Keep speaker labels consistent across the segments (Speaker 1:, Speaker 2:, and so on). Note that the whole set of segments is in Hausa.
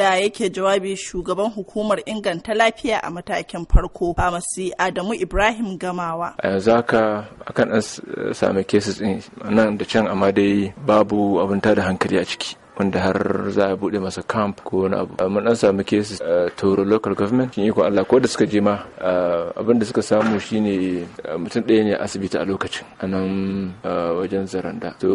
Speaker 1: da yake jawabi shugaban hukumar inganta lafiya a matakin farko famasi adamu ibrahim gamawa
Speaker 2: a yanzu haka akan an sami cases din nan da can amma dai babu abin da hankali a ciki wanda har za a bude masa camp ko wani abu mun dan samu kesi. a local government kin iko Allah ko da suka je ma abin da suka samu shine mutum ɗaya ne asibiti a lokacin a nan wajen zaranda to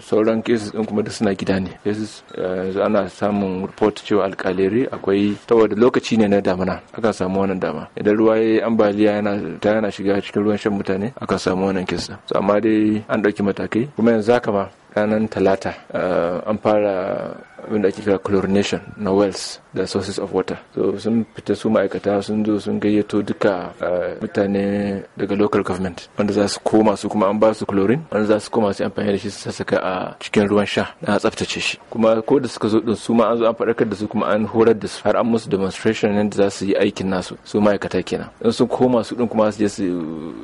Speaker 2: sauran cases din kuma da suna gida ne cases yanzu ana samun report cewa alkaleri akwai saboda lokaci ne na damana aka samu wannan dama idan ruwa yayi ambaliya yana ta yana shiga cikin ruwan shan mutane aka samu wannan kisa amma dai an ɗauki matakai kuma yanzu haka ma ranar talata eh, an fara abinda ake kira chlorination na wells da sources of water so sun fita su ma'aikata sun zo sun gayyato duka eh, mutane daga local government wanda za su koma su kuma an ba su chlorine wanda za su koma su amfani da shi su sassaka a cikin ruwan sha na tsaftace shi kuma ko da suka zo din su ma an zo an faɗakar da su kuma an horar da su har an musu demonstration yadda za su yi aikin nasu su ma'aikata kenan in sun koma su din kuma su je su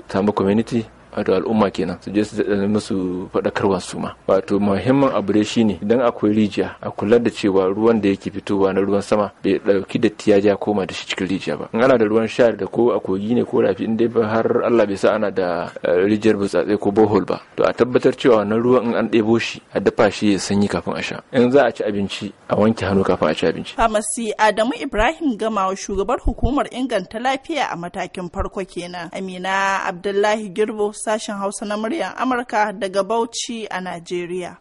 Speaker 2: samu community wato al'umma kenan su je su musu faɗakarwa su ma wato muhimmin abu dai shine idan akwai rijiya a kula da cewa ruwan da yake fitowa na ruwan sama bai ɗauki datti ya ja koma da shi cikin rijiya ba in ana da ruwan sha da ko a kogi ne ko rafi in dai har Allah bai sa ana da eh, rijiyar butsatse ko bohol ba to a tabbatar cewa wannan ruwan in an ɗebo shi a dafa shi ya sanyi kafin a sha in za a ci abinci a wanke hannu kafin a ci abinci.
Speaker 1: Famasi Adamu Ibrahim Gamawa shugabar hukumar inganta lafiya a matakin farko kenan Amina Abdullahi Girbo sashen Hausa na muryar Amurka daga Bauchi a Najeriya.